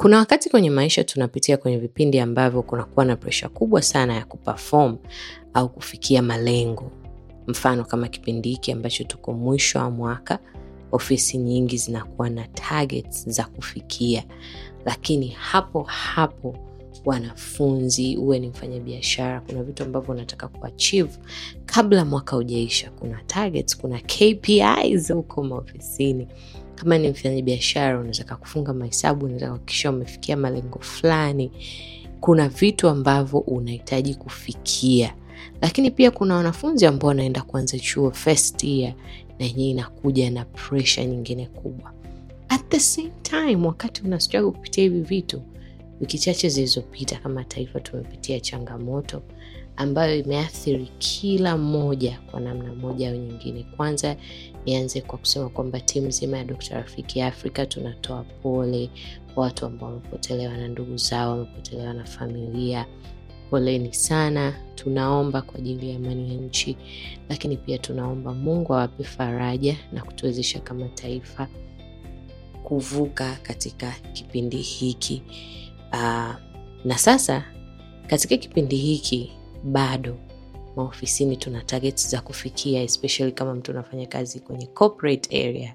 Kuna wakati kwenye maisha tunapitia kwenye vipindi ambavyo kunakuwa na presha kubwa sana ya kuperform au kufikia malengo. Mfano kama kipindi hiki ambacho tuko mwisho wa mwaka, ofisi nyingi zinakuwa na targets za kufikia, lakini hapo hapo wanafunzi, uwe ni mfanyabiashara, kuna vitu ambavyo unataka kuachivu kabla mwaka ujaisha. Kuna targets, kuna KPIs huko maofisini. Kama ni mfanyabiashara, unataka kufunga mahesabu, unataka kuakikisha umefikia malengo fulani, kuna vitu ambavyo unahitaji kufikia. Lakini pia kuna wanafunzi ambao wanaenda kuanza chuo first year, na yenyewe inakuja na presha nyingine kubwa. At the same time, wakati una kupitia hivi vitu, wiki chache zilizopita kama taifa tumepitia changamoto ambayo imeathiri kila mmoja kwa namna moja au nyingine. Kwanza nianze kwa kusema kwamba timu zima ya Dokta Rafiki Afrika tunatoa pole kwa watu ambao wamepotelewa na ndugu zao, wamepotelewa na familia. Poleni sana, tunaomba kwa ajili ya amani ya nchi, lakini pia tunaomba Mungu awape faraja na kutuwezesha kama taifa kuvuka katika kipindi hiki. uh, na sasa katika kipindi hiki bado maofisini tuna targets za kufikia especially kama mtu anafanya kazi kwenye corporate area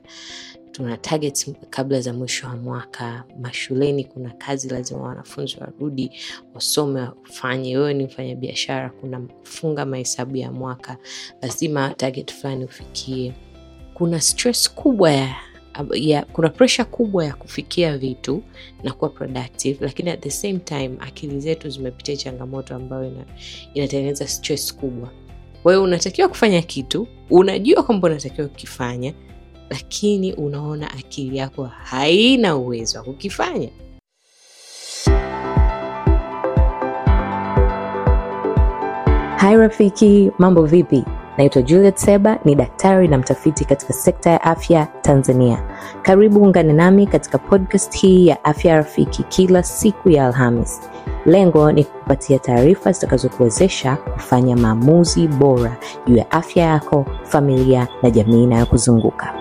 tuna targets kabla za mwisho wa mwaka mashuleni kuna kazi lazima wanafunzi warudi wasome wafanye wewe ni mfanya biashara kuna funga mahesabu ya mwaka lazima target fulani ufikie kuna stress kubwa ya ya, kuna presha kubwa ya kufikia vitu na kuwa productive, lakini at the same time akili zetu zimepitia changamoto ambayo inatengeneza stress kubwa. Kwa hiyo unatakiwa kufanya kitu, unajua kwamba unatakiwa kukifanya, lakini unaona akili yako haina uwezo wa kukifanya. Hai rafiki, mambo vipi? Naitwa Juliet Seba, ni daktari na mtafiti katika sekta ya afya Tanzania. Karibu ungane nami katika podcast hii ya Afya Rafiki kila siku ya Alhamis. Lengo ni kupatia taarifa zitakazokuwezesha kufanya maamuzi bora juu ya afya yako, familia na jamii inayokuzunguka.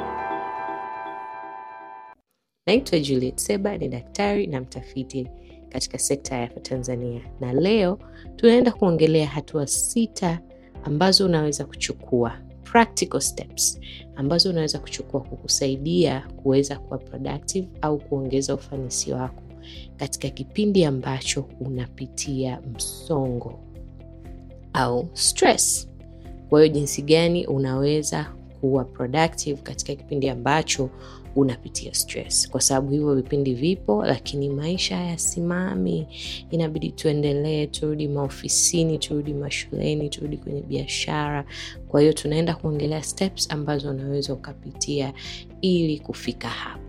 Naitwa Juliet Seba, ni daktari na mtafiti katika sekta ya afya Tanzania, na leo tunaenda kuongelea hatua sita ambazo unaweza kuchukua practical steps ambazo unaweza kuchukua kukusaidia kuweza kuwa productive au kuongeza ufanisi wako katika kipindi ambacho unapitia msongo au stress. Kwa hiyo jinsi gani unaweza kuwa productive katika kipindi ambacho unapitia stress, kwa sababu hivyo vipindi vipo, lakini maisha hayasimami. Inabidi tuendelee, turudi maofisini, turudi mashuleni, turudi kwenye biashara. Kwa hiyo tunaenda kuongelea steps ambazo unaweza ukapitia ili kufika hapo.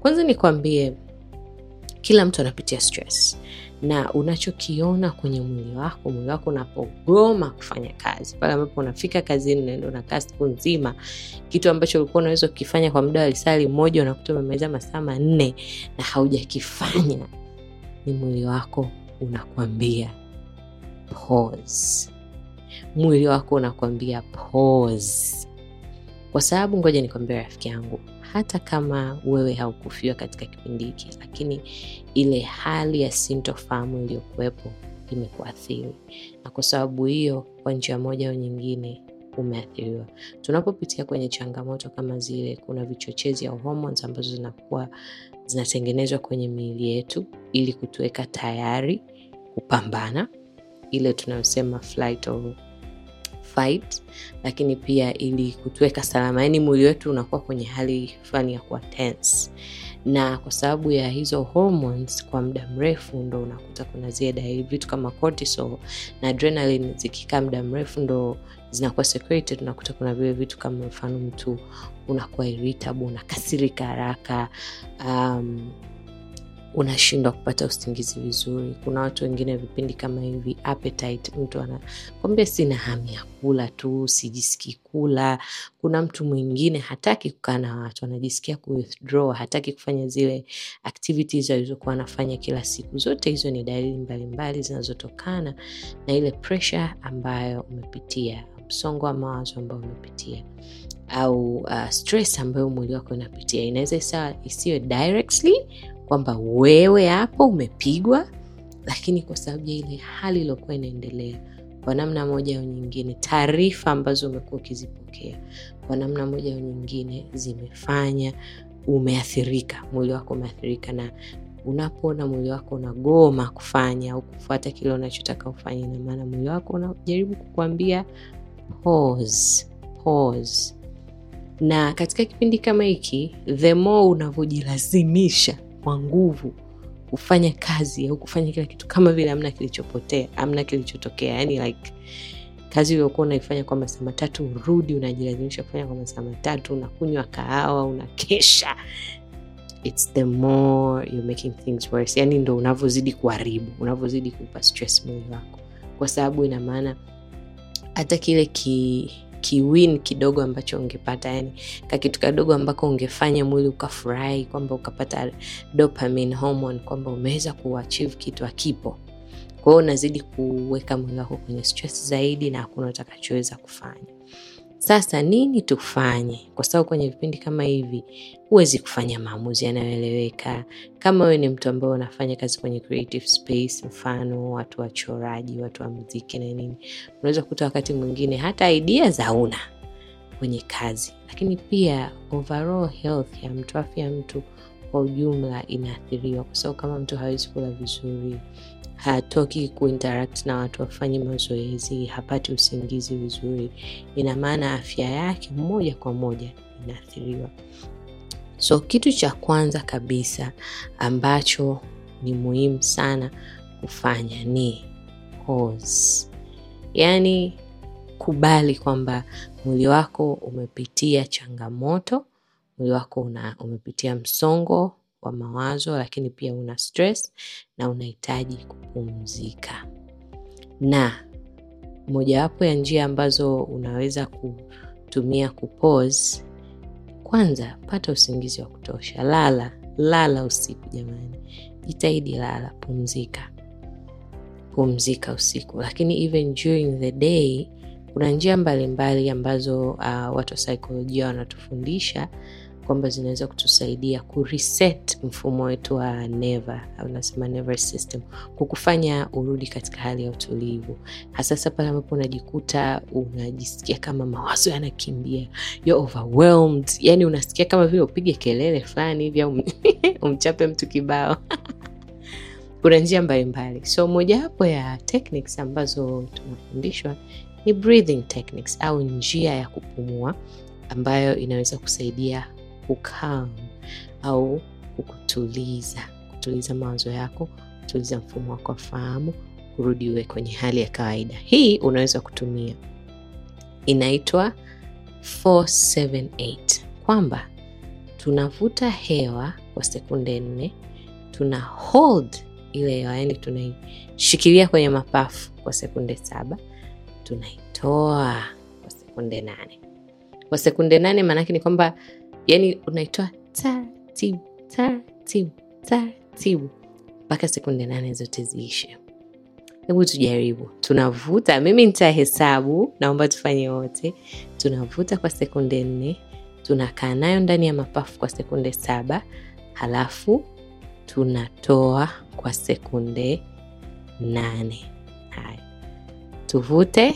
Kwanza nikwambie, kila mtu anapitia stress na unachokiona kwenye mwili wako, mwili wako unapogoma kufanya kazi, pale ambapo unafika kazini, unaenda unakaa siku nzima, kitu ambacho ulikuwa unaweza kukifanya kwa muda wa lisali moja unakuta umemaliza masaa manne na haujakifanya, ni mwili wako unakwambia Mwili wako unakwambia kwa sababu ngoja nikwambia rafiki yangu hata kama wewe haukufiwa katika kipindi hiki, lakini ile hali ya sintofahamu iliyokuwepo imekuathiri, na kwa sababu hiyo, kwa njia moja au nyingine umeathiriwa. Tunapopitia kwenye changamoto kama zile, kuna vichochezi au hormones ambazo zinakuwa zinatengenezwa kwenye miili yetu ili kutuweka tayari kupambana, ile tunayosema flight fight, lakini pia ili kutuweka salama, yaani mwili wetu unakuwa kwenye hali fulani ya kuwa tense, na kwa sababu ya hizo hormones kwa muda mrefu, ndo unakuta kuna zile dalili, vitu kama cortisol na adrenaline zikikaa muda mrefu ndo zinakuwa secreted. Unakuta kuna vile vitu kama mfano mtu unakuwa irritable, unakasirika haraka um, unashindwa kupata usingizi vizuri. Kuna watu wengine vipindi kama hivi appetite, mtu anakwambia sina hamu ya kula tu, sijisikii kula. Kuna mtu mwingine hataki kukaa na watu, anajisikia ku hataki kufanya zile activities alizokuwa anafanya kila siku. Zote hizo ni dalili mbalimbali zinazotokana na ile pressure ambayo umepitia, msongo wa mawazo ambayo umepitia au uh, stress ambayo mwili wako inapitia. Inaweza isiwe directly kwamba wewe hapo umepigwa, lakini kwa sababu ya ile hali iliyokuwa inaendelea kwa namna moja au nyingine, taarifa ambazo umekuwa ukizipokea kwa namna moja au nyingine zimefanya umeathirika, mwili wako umeathirika. Na unapoona mwili wako unagoma kufanya au kufuata kile unachotaka ufanye, namaana mwili wako unajaribu kukuambia pause, pause. Na katika kipindi kama hiki, the more unavyojilazimisha kwa nguvu kufanya kazi au kufanya kila kitu kama vile amna kilichopotea, amna kilichotokea. Yani like kazi uliokuwa unaifanya kwa masaa matatu, urudi unajilazimisha kufanya kwa masaa matatu, unakunywa kahawa, unakesha. It's the more you're making things worse. Yani ndo unavyozidi kuharibu, unavyozidi kuupa stress mwili wako, kwa sababu ina maana hata kile ki kiwin kidogo ambacho ungepata, yani kakitu kadogo ambako ungefanya mwili ukafurahi kwamba ukapata dopamine hormone kwamba umeweza kuachieve kitu akipo. kwao unazidi kuweka mwili wako kwenye stress zaidi na hakuna utakachoweza kufanya. Sasa nini tufanye? Kwa sababu kwenye vipindi kama hivi huwezi kufanya maamuzi yanayoeleweka. Kama wewe ni mtu ambaye unafanya kazi kwenye creative space, mfano watu wachoraji, watu wa muziki na nini, unaweza kukuta wakati mwingine hata idia za una kwenye kazi, lakini pia overall health ya mtu, afya ya mtu kwa ujumla inaathiriwa, kwa sababu kama mtu hawezi kula vizuri, hatoki kuinteract na watu, wafanye mazoezi, hapati usingizi vizuri, ina maana afya yake moja kwa moja inaathiriwa. So kitu cha kwanza kabisa ambacho ni muhimu sana kufanya ni pause, yani kubali kwamba mwili wako umepitia changamoto mwili wako una, umepitia msongo wa mawazo, lakini pia una stress na unahitaji kupumzika. Na mojawapo ya njia ambazo unaweza kutumia kupause, kwanza pata usingizi wa kutosha. Lala, lala usiku jamani, jitahidi lala, pumzika pumzika usiku, lakini even during the day kuna njia mbalimbali mbali ambazo uh, watu wa saikolojia wanatufundisha kwamba zinaweza kutusaidia kureset mfumo wetu wa neva au nasema neva system, kukufanya urudi katika hali ya utulivu, hasasa pale ambapo unajikuta unajisikia kama mawazo yanakimbia, overwhelmed, yani unasikia kama vile upige kelele fulani hivi au umchape mtu kibao kuna njia mbalimbali, so mojawapo ya techniques ambazo tunafundishwa ni breathing techniques au njia ya kupumua ambayo inaweza kusaidia kukam au kukutuliza, kutuliza mawazo yako, kutuliza mfumo wako wa fahamu, kurudi uwe kwenye hali ya kawaida. Hii unaweza kutumia, inaitwa 478 kwamba tunavuta hewa kwa sekunde nne, tuna hold ile hewa, yani tunaishikilia kwenye mapafu kwa sekunde saba, tunaitoa kwa sekunde nane. Kwa sekunde nane maanake ni kwamba yani unaitoa taratibu taratibu taratibu mpaka sekunde nane zote ziishe hebu tujaribu tunavuta mimi nitahesabu naomba tufanye wote tunavuta kwa sekunde nne tunakaa nayo ndani ya mapafu kwa sekunde saba halafu tunatoa kwa sekunde nane haya tuvute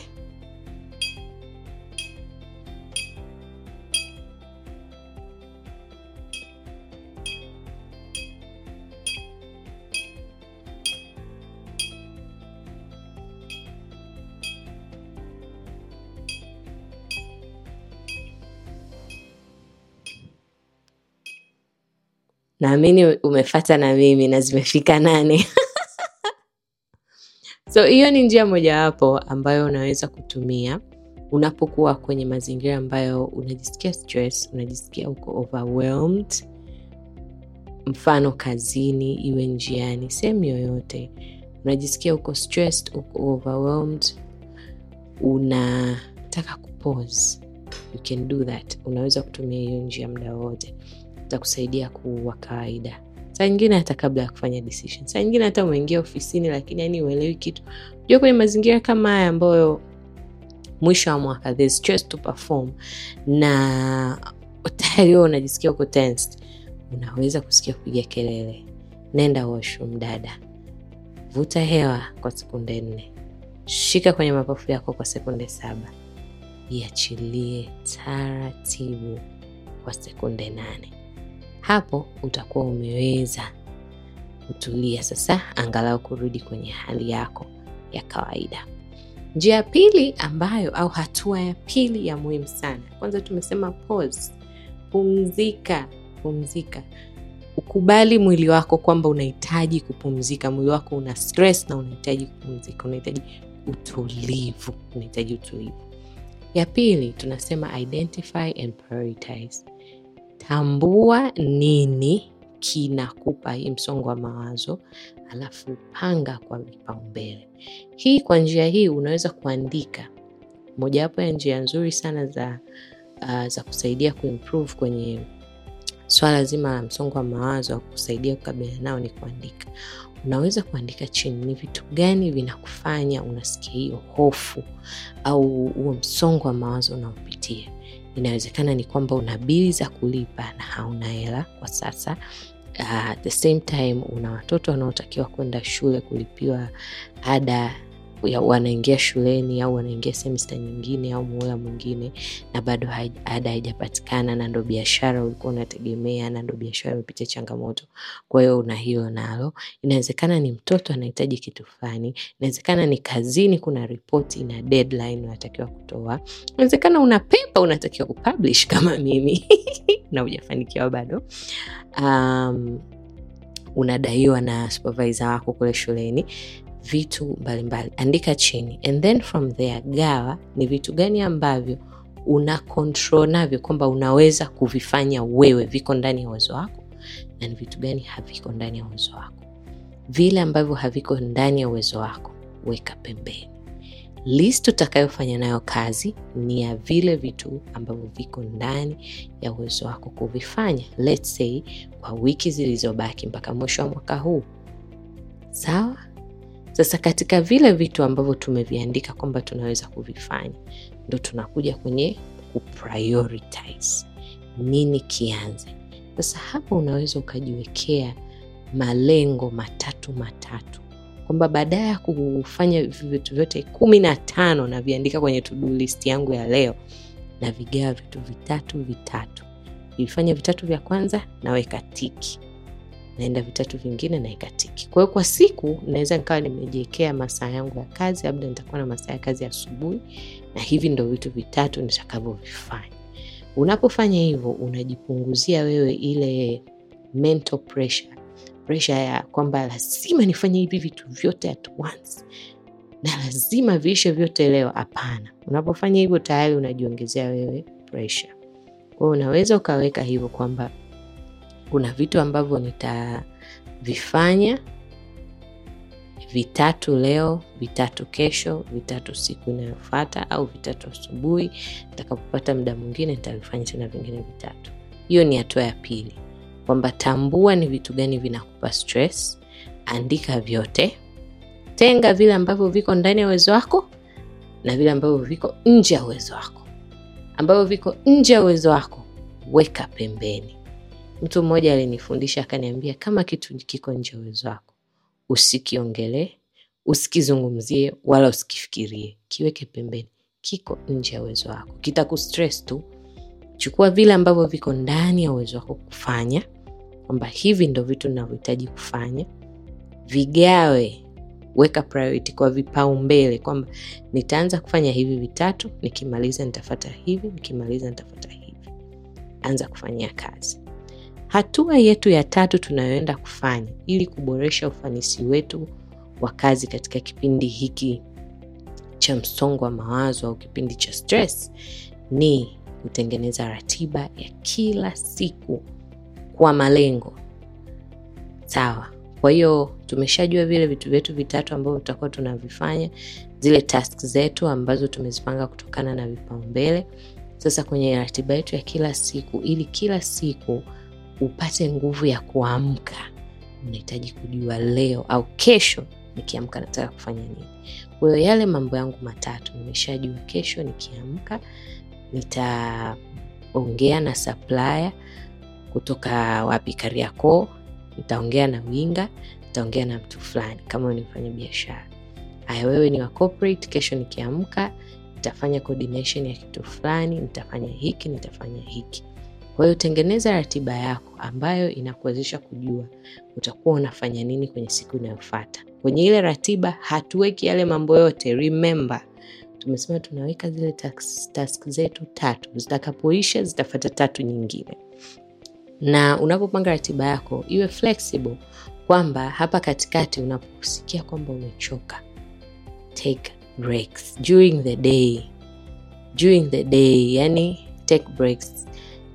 naamini umefata na mimi na zimefika nane so hiyo ni njia mojawapo ambayo unaweza kutumia unapokuwa kwenye mazingira ambayo unajisikia stress, unajisikia uko overwhelmed, mfano kazini, iwe njiani, sehemu yoyote, unajisikia uko stressed, uko overwhelmed, unataka kupause, you can do that. Unaweza kutumia hiyo njia muda wote zitakusaidia kuwa kawaida. Saa nyingine hata kabla ya kufanya decision, saa nyingine hata umeingia ofisini, lakini yani uelewi kitu. jua kwenye mazingira kama haya ambayo mwisho wa mwaka to perform, na tayari huo unajisikia uko unaweza kusikia kupiga kelele, nenda washu mdada vuta hewa kwa sekunde nne, shika kwenye mapafu yako kwa sekunde saba, iachilie taratibu kwa sekunde nane hapo utakuwa umeweza kutulia sasa, angalau kurudi kwenye hali yako ya kawaida. Njia ya pili ambayo au hatua ya pili ya muhimu sana, kwanza tumesema pause, pumzika, pumzika. Ukubali mwili wako kwamba unahitaji kupumzika. Mwili wako una stress na unahitaji kupumzika, unahitaji utulivu, unahitaji utulivu. Ya pili tunasema identify and prioritize tambua nini kinakupa hii msongo wa mawazo, alafu panga kwa vipaumbele. Hii kwa njia hii unaweza kuandika, mojawapo ya njia nzuri sana za, uh, za kusaidia kuimprove kwenye swala zima la msongo wa mawazo, kusaidia kukabilia nao ni kuandika. Unaweza kuandika chini ni vitu gani vinakufanya unasikia hiyo hofu au huo msongo wa mawazo unaopitia inawezekana ni kwamba una bili za kulipa na hauna hela kwa sasa. uh, the same time una watoto wanaotakiwa kwenda shule kulipiwa ada wanaingia shuleni au wanaingia semesta nyingine au muhula mwingine na bado ada haijapatikana na ndo biashara ulikuwa unategemea na ndo biashara imepitia changamoto kwa hiyo una hilo nalo inawezekana ni mtoto anahitaji kitu fulani inawezekana ni kazini kuna ripoti na deadline unatakiwa kutoa inawezekana una pepa unatakiwa kupublish kama mimi na ujafanikiwa bado um, unadaiwa na supervisor wako kule shuleni vitu mbalimbali mbali. Andika chini and then from there gawa ni vitu gani ambavyo una control navyo kwamba unaweza kuvifanya wewe, viko ndani ya uwezo wako, na ni vitu gani haviko ndani ya uwezo wako. Vile ambavyo haviko ndani ya uwezo wako weka pembeni. List utakayofanya nayo kazi ni ya vile vitu ambavyo viko ndani ya uwezo wako kuvifanya, let's say kwa wiki zilizobaki mpaka mwisho wa mwaka huu, sawa? Sasa katika vile vitu ambavyo tumeviandika kwamba tunaweza kuvifanya, ndo tunakuja kwenye ku nini kianze. Sasa hapa unaweza ukajiwekea malengo matatu matatu kwamba baadaye ya kufanya vitu vyote kumi na tano naviandika kwenye list yangu ya leo, na vitu vitatu vitatu, vifanya vitatu vya kwanza naweka tiki, naenda vitatu vingine naikatiki tiki. Kwa siku naweza nikawa nimejiekea masaa yangu ya kazi, labda nitakuwa na masaa ya kazi asubuhi, na hivi ndo vitu vitatu nitakavyovifanya. Unapofanya hivyo, unajipunguzia wewe ile mental pressure, ya kwamba lazima nifanye hivi vitu vyote at once na lazima viishe vyote leo. Hapana, unapofanya hivyo tayari unajiongezea wewe pressure. kwao unaweza ukaweka hivyo kwamba kuna vitu ambavyo nitavifanya vitatu leo, vitatu kesho, vitatu siku inayofata au vitatu asubuhi. Nitakapopata muda mwingine nitavifanya tena vingine vitatu. Hiyo ni hatua ya pili, kwamba tambua ni vitu gani vinakupa stress, andika vyote, tenga vile ambavyo viko ndani ya uwezo wako na vile ambavyo viko nje ya uwezo wako. Ambavyo viko nje ya uwezo wako weka pembeni. Mtu mmoja alinifundisha akaniambia, kama kitu kiko nje uwezo wako, usikiongelee, usikizungumzie wala usikifikirie, kiweke pembeni. Kiko nje ya uwezo wako, kitaku tu. Chukua vile ambavyo viko ndani ya uwezo wako kufanya, kwamba hivi ndo vitu navyohitaji kufanya, vigawe weka priority kwa vipaumbele, kwamba nitaanza kufanya hivi vitatu, nikimaliza nitafata hivi, nikimaliza nitafata hivi. Anza kufanyia kazi. Hatua yetu ya tatu tunayoenda kufanya ili kuboresha ufanisi wetu wa kazi katika kipindi hiki cha msongo wa mawazo au kipindi cha stress ni kutengeneza ratiba ya kila siku kwa malengo. Sawa. Kwa hiyo tumeshajua vile vitu vyetu vitatu ambavyo tutakuwa tunavifanya, zile task zetu ambazo tumezipanga kutokana na vipaumbele. Sasa kwenye ratiba yetu ya kila siku, ili kila siku upate nguvu ya kuamka, unahitaji kujua leo au kesho nikiamka nataka kufanya nini. kwahiyo yale mambo yangu matatu nimeshajua, kesho nikiamka nitaongea na supplier kutoka wapi, Kariakoo, nitaongea na winga, nitaongea na mtu fulani, kama ni mfanya biashara. Haya, wewe ni wa corporate, kesho nikiamka nitafanya coordination ya kitu fulani, nitafanya hiki, nitafanya hiki. Kwa hiyo tengeneza ratiba yako ambayo inakuwezesha kujua utakuwa unafanya nini kwenye siku inayofata Kwenye ile ratiba hatuweki yale mambo yote. Remember, tumesema tunaweka zile task, task zetu tatu, zitakapoisha zitafata tatu nyingine. Na unapopanga ratiba yako iwe flexible, kwamba hapa katikati unaposikia kwamba umechoka, take breaks during the day, during the day, yani take breaks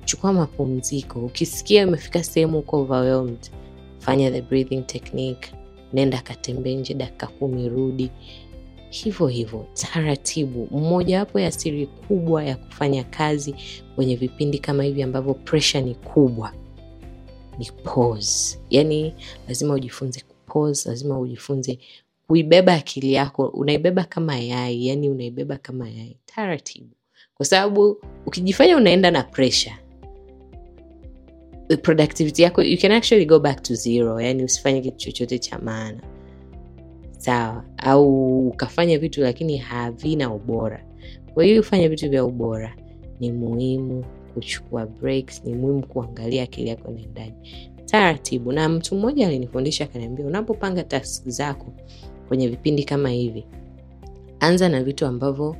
chukua mapumziko. Ukisikia umefika sehemu uko overwhelmed, fanya the breathing technique, nenda katembe nje dakika kumi, rudi hivyo hivyo taratibu. mmojawapo ya siri kubwa ya kufanya kazi kwenye vipindi kama hivi ambavyo pressure ni kubwa ni pause. Yani lazima ujifunze kupause, lazima ujifunze kuibeba akili yako. Unaibeba kama yai, yani unaibeba kama yai taratibu, kwa sababu ukijifanya unaenda na pressure productivity yako you can actually go back to zero yani usifanye kitu chochote cha maana sawa au ukafanya vitu lakini havina ubora kwa hiyo ufanye vitu vya ubora ni muhimu kuchukua breaks ni muhimu kuangalia akili yako naendaji taratibu na mtu mmoja alinifundisha akaniambia unapopanga task zako kwenye vipindi kama hivi anza na vitu ambavyo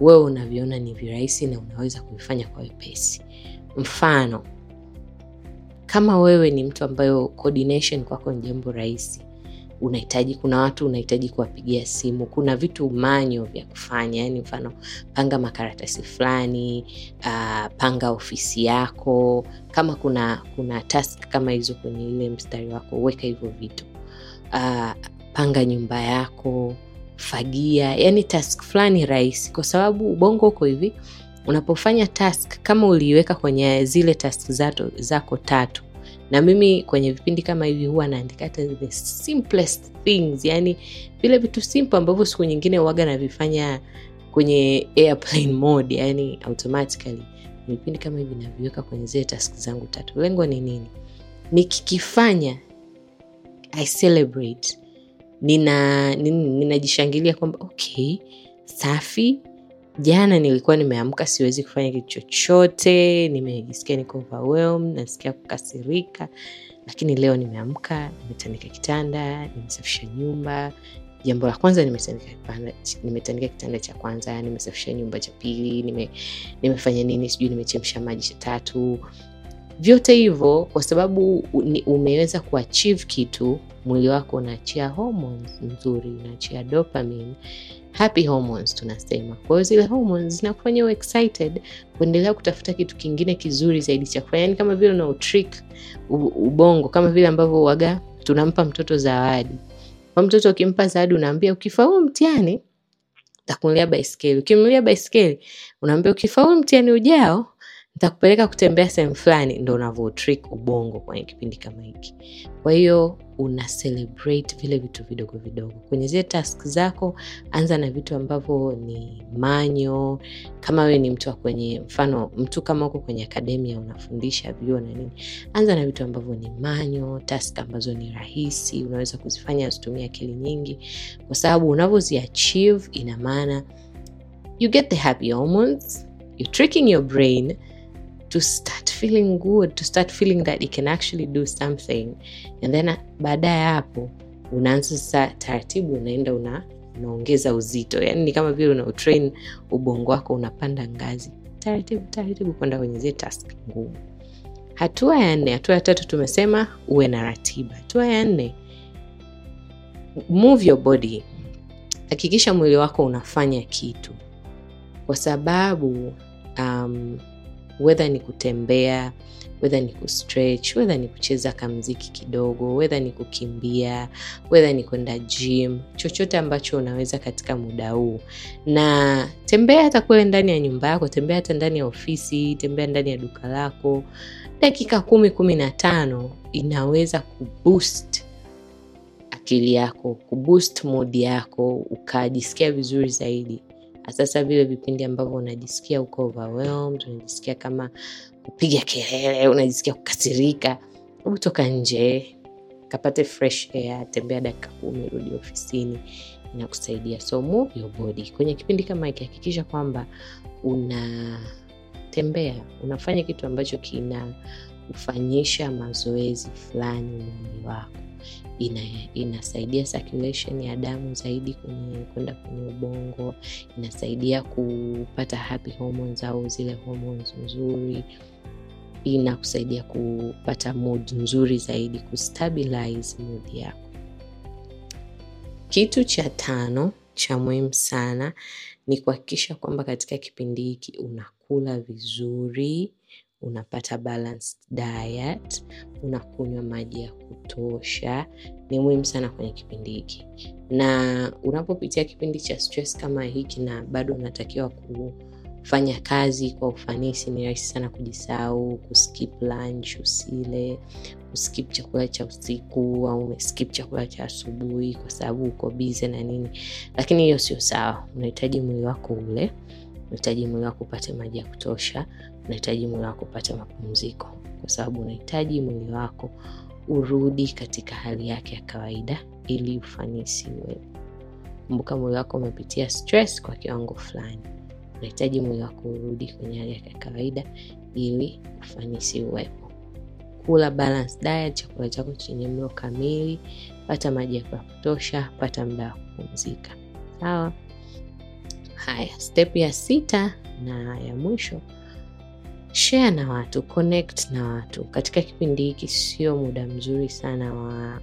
wewe unavyoona ni virahisi na unaweza kuvifanya kwa wepesi mfano kama wewe ni mtu ambayo coordination kwako ni jambo rahisi unahitaji kuna watu unahitaji kuwapigia simu, kuna vitu manyo vya kufanya, yani mfano panga makaratasi fulani, uh, panga ofisi yako. Kama kuna kuna task kama hizo kwenye ile mstari wako, weka hivyo vitu. Uh, panga nyumba yako, fagia, yani task fulani rahisi, kwa sababu ubongo huko hivi, unapofanya task kama uliiweka kwenye zile task zato, zako tatu na mimi kwenye vipindi kama hivi huwa naandika hata the simplest things, yani vile vitu simple ambavyo siku nyingine waga navifanya kwenye airplane mode, yani automatically vipindi kama hivi naviweka kwenye zile task zangu tatu. Lengo ni nini? Nikikifanya I celebrate, nina ninajishangilia nina kwamba okay, safi jana nilikuwa nimeamka siwezi kufanya kitu chochote nimejisikia niko nasikia kukasirika lakini leo nimeamka nimetandika kitanda nimesafisha nyumba jambo la kwanza nimetandika kitanda cha kwanza nimesafisha nyumba cha pili nime, nimefanya nini sijui nimechemsha maji cha tatu vyote hivyo kwa sababu umeweza kuachieve kitu mwili wako unaachia nzuri unaachia dopamine happy hormones tunasema. Kwa hiyo zile hormones zinakufanya excited kuendelea kutafuta kitu kingine kizuri zaidi cha kufanya, yani kama vile una utrick ubongo, kama vile ambavyo waga tunampa mtoto zawadi. Kwa mtoto ukimpa zawadi, unaambia ukifaulu mtiani takunulia baiskeli. Ukimnulia baiskeli unaambia ukifaulu mtiani ujao itakupeleka kutembea sehemu fulani, ndo unavo ubongo kwenye kipindi kama hiki. Kwa hiyo una celebrate vile vitu vidogo vidogo kwenye zile task zako. Anza na vitu ambavyo ni manyo, kama wewe ni mtu wa kwenye mfano, mtu kama uko kwenye akademia unafundisha vyuo na nini, anza na vitu ambavyo ni manyo, task ambazo ni rahisi, unaweza kuzifanya, zitumia akili nyingi, kwa sababu unavyozi ina maana you get the happy hormones, you're your brain to start feeling good to start feeling that you can actually do something and then uh, baada ya hapo unaanza sasa taratibu unaenda una unaongeza uzito yani ni kama vile unautrain ubongo wako unapanda ngazi taratibu taratibu kwenda kwenye zile task ngumu hatua ya nne hatua ya tatu tumesema uwe na ratiba hatua ya nne move your body hakikisha mwili wako unafanya kitu kwa sababu um, wedha ni kutembea, wedha ni kustretch, wedha ni kucheza kamziki kidogo, wedha ni kukimbia, wedha ni kwenda gym, chochote ambacho unaweza katika muda huu. Na tembea hata kuwe ndani ya nyumba yako, tembea hata ndani ya ofisi, tembea ndani ya duka lako, dakika kumi kumi na tano inaweza kubst akili yako, kubst modi yako, ukajisikia vizuri zaidi. Sasa vile vipindi ambavyo unajisikia uko overwhelmed, unajisikia kama kupiga kelele, unajisikia kukasirika, hebu toka nje, kapate fresh air, tembea dakika kumi, rudi ofisini, inakusaidia. So move your body kwenye kipindi kama hiki, hakikisha kwamba unatembea, unafanya kitu ambacho kina mazoezi fulani mwili wako ina, inasaidia circulation ya damu zaidi kwenda kwenye ubongo, inasaidia kupata happy hormones au zile hormones nzuri, inakusaidia kupata mood nzuri zaidi, kustabilize mood yako. Kitu cha tano cha muhimu sana ni kuhakikisha kwamba katika kipindi hiki unakula vizuri unapata balanced diet, unakunywa maji ya kutosha. Ni muhimu sana kwenye kipindi hiki, na unapopitia kipindi cha stress kama hiki na bado unatakiwa kufanya kazi kwa ufanisi, ni rahisi sana kujisahau, kuskip lunch, usile, kuskip chakula cha usiku au umeskip chakula cha asubuhi kwa sababu uko bize na nini, lakini hiyo sio sawa. Unahitaji mwili wako ule unahitaji mwili wako upate maji ya kutosha, unahitaji mwili wako upate mapumziko, kwa sababu unahitaji mwili wako urudi katika hali yake ya kawaida ili ufanisi uwepo. Kumbuka mwili wako umepitia stress kwa kiwango fulani, unahitaji mwili wako urudi kwenye hali yake ya kawaida ili ufanisi uwepo. Kula diet, chakula chako chenye mlo kamili, pata maji ya kutosha, pata muda wa kupumzika. Sawa. Haya, step ya sita na ya mwisho, share na watu, connect na watu. Katika kipindi hiki sio muda mzuri sana wa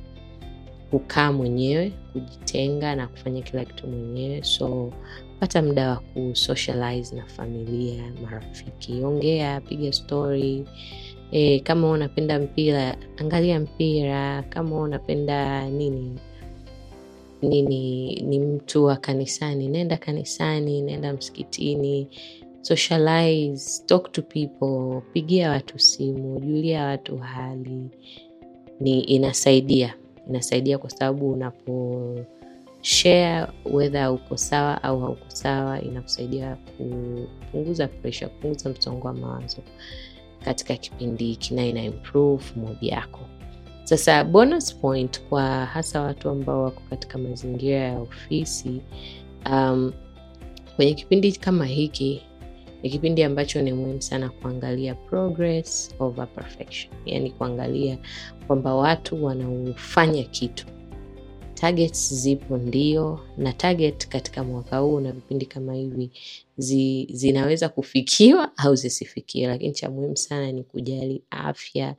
kukaa mwenyewe, kujitenga na kufanya kila kitu mwenyewe, so pata muda wa kusocialize na familia, marafiki, ongea, piga stori. E, eh, kama unapenda mpira angalia mpira, kama unapenda nini ni, ni, ni mtu wa kanisani, naenda kanisani, naenda msikitini, socialize, talk to people, pigia watu simu, julia watu hali. Ni inasaidia, inasaidia kwa sababu unapo share whether uko sawa au hauko sawa, inakusaidia kupunguza presha, kupunguza msongo wa mawazo katika kipindi hiki na ina improve mood yako. Sasa bonus point kwa hasa watu ambao wako katika mazingira ya ofisi um, kwenye kipindi kama hiki ni kipindi ambacho ni muhimu sana kuangalia progress over perfection, kuangalia kwamba watu wanaofanya kitu Targets zipo ndio, na target katika mwaka huu na vipindi kama hivi zi, zinaweza kufikiwa au zisifikiwe, lakini cha muhimu sana ni kujali afya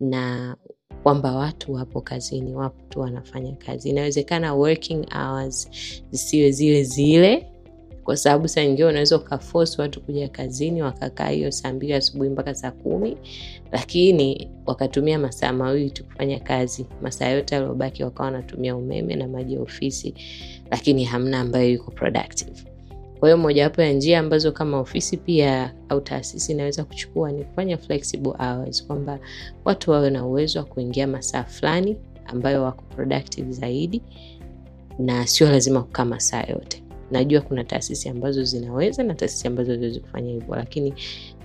na kwamba watu wapo kazini, wapo tu wanafanya kazi. Inawezekana working hours zisiwe zile zile kwa sababu saa nyingine unaweza ukaforce watu kuja kazini wakakaa hiyo saa mbili asubuhi mpaka saa kumi lakini wakatumia masaa mawili tu kufanya kazi, masaa yote aliobaki wakawa wanatumia umeme na maji ya ofisi, lakini hamna ambayo yuko productive. Kwa hiyo mojawapo ya njia ambazo kama ofisi pia au taasisi inaweza kuchukua ni kufanya flexible hours, kwamba watu wawe na uwezo wa kuingia masaa fulani ambayo wako productive zaidi, na sio lazima kukaa masaa yote najua kuna taasisi ambazo zinaweza na taasisi ambazo ziwezi kufanya hivyo lakini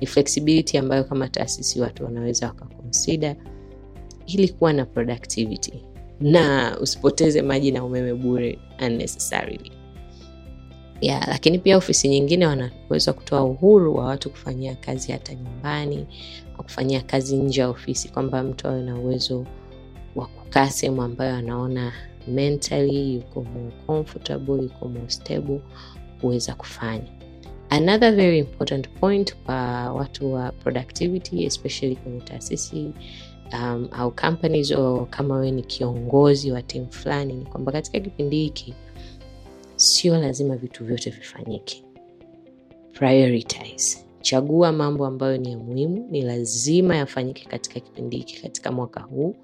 ni flexibility ambayo kama taasisi watu wanaweza wakakonsida ili kuwa na productivity na usipoteze maji na umeme bure unnecessarily yeah, lakini pia ofisi nyingine wanaweza kutoa uhuru wa watu kufanyia kazi hata nyumbani au kufanyia kazi nje ya ofisi kwamba mtu awe na uwezo wa kukaa sehemu ambayo anaona mentally yuko more comfortable, yuko more stable kuweza kufanya. Another very important point kwa watu wa productivity especially kwenye taasisi um, au companies o kama wewe ni kiongozi wa timu fulani, ni kwamba katika kipindi hiki sio lazima vitu vyote vifanyike. Prioritize, chagua mambo ambayo ni ya muhimu, ni lazima yafanyike katika kipindi hiki, katika mwaka huu,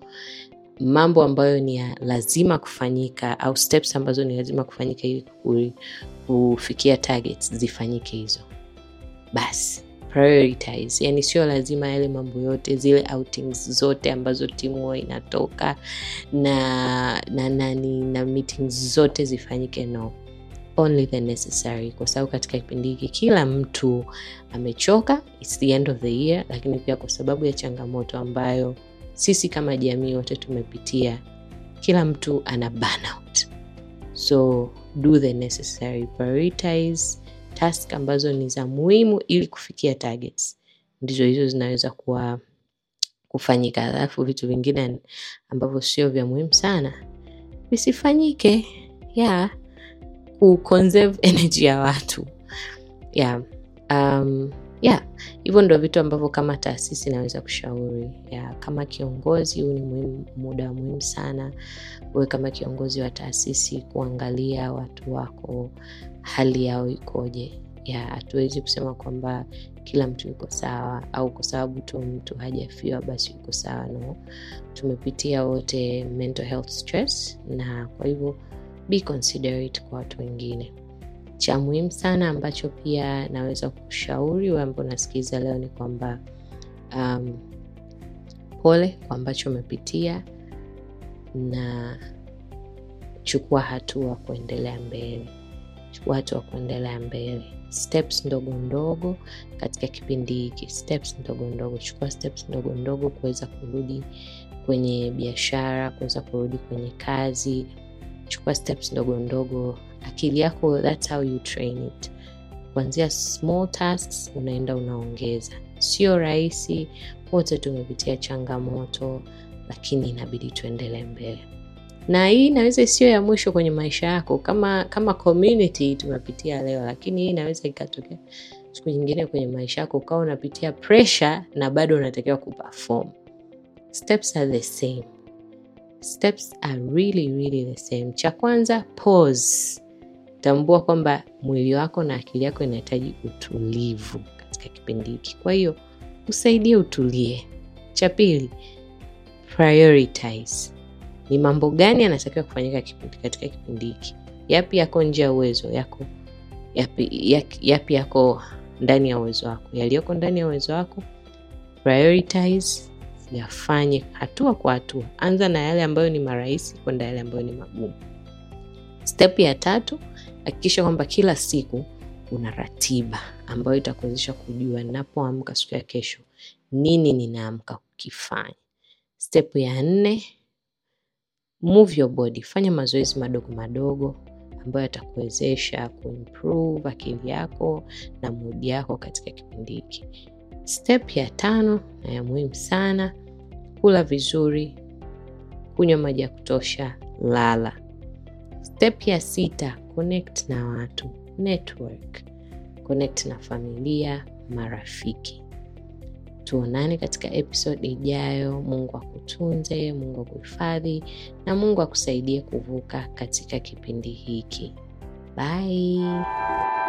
mambo ambayo ni ya lazima kufanyika au steps ambazo ni lazima kufanyika ili kufikia targets zifanyike hizo basi prioritize. Yani sio lazima yale mambo yote, zile outings zote ambazo timu huwa inatoka na na nani na meetings zote zifanyike, no, only the necessary, kwa sababu katika kipindi hiki kila mtu amechoka, it's the end of the year, lakini pia kwa sababu ya changamoto ambayo sisi kama jamii wote tumepitia, kila mtu ana burnout. So do the necessary, prioritize task ambazo ni za muhimu ili kufikia targets, ndizo hizo zinaweza kuwa kufanyika, alafu vitu vingine ambavyo sio vya muhimu sana visifanyike ya yeah. Ku energy ya watu yeah. Um, yeah, hivyo ndio vitu ambavyo kama taasisi naweza kushauri. Yeah, kama kiongozi huu ni muhimu, muda muhimu sana wewe kama kiongozi wa taasisi kuangalia watu wako hali yao ikoje. Yeah, hatuwezi kusema kwamba kila mtu yuko sawa au kwa sababu tu mtu hajafiwa basi yuko sawa. No, tumepitia wote mental health stress, na kwa hivyo be considerate kwa watu wengine. Cha muhimu sana ambacho pia naweza kushauri wewe ambao unasikiliza leo ni kwamba um, pole kwa ambacho umepitia na chukua hatua kuendelea mbele, chukua hatua kuendelea mbele, steps ndogo ndogo katika kipindi hiki, steps ndogo ndogo, chukua steps ndogo ndogo kuweza kurudi kwenye biashara, kuweza kurudi kwenye kazi. Chukua steps ndogo ndogo akili yako, that's how you train it. Kuanzia small tasks unaenda unaongeza. Sio rahisi, wote tumepitia changamoto, lakini inabidi tuendele mbele na hii inaweza isiyo ya mwisho kwenye maisha yako. Kama kama community leo, lakini hii inaweza ikatokea siku nyingine kwenye maisha yako, ukawa unapitia pressure na bado unatakiwa kuperform. Steps are the same, steps are really really the same. Cha kwanza pause, tambua kwamba mwili wako na akili yako inahitaji utulivu katika kipindi hiki. Kwa hiyo usaidie utulie. Cha pili, prioritize ni mambo gani yanatakiwa kufanyika kipindi, katika kipindi hiki, yapi yako nje ya uwezo yako, yapi, yapi, yapi yako ndani ya uwezo wako, yaliyoko ndani ya uwezo wako prioritize, yafanye hatua kwa hatua. Anza na yale ambayo ni marahisi kwenda yale ambayo ni magumu. Step ya tatu, hakikisha kwamba kila siku una ratiba ambayo itakuwezesha kujua ninapoamka siku ya kesho nini ninaamka kukifanya. Step ya nne, move your body, fanya mazoezi madogo madogo ambayo yatakuwezesha kuimprove akili yako na mudi yako katika kipindi hiki. Step ya tano na ya muhimu sana, kula vizuri, kunywa maji ya kutosha, lala. Step ya sita, connect na watu, network, connect na familia, marafiki. Tuonane katika episode ijayo. Mungu akutunze, Mungu akuhifadhi na Mungu akusaidie kuvuka katika kipindi hiki. Bye.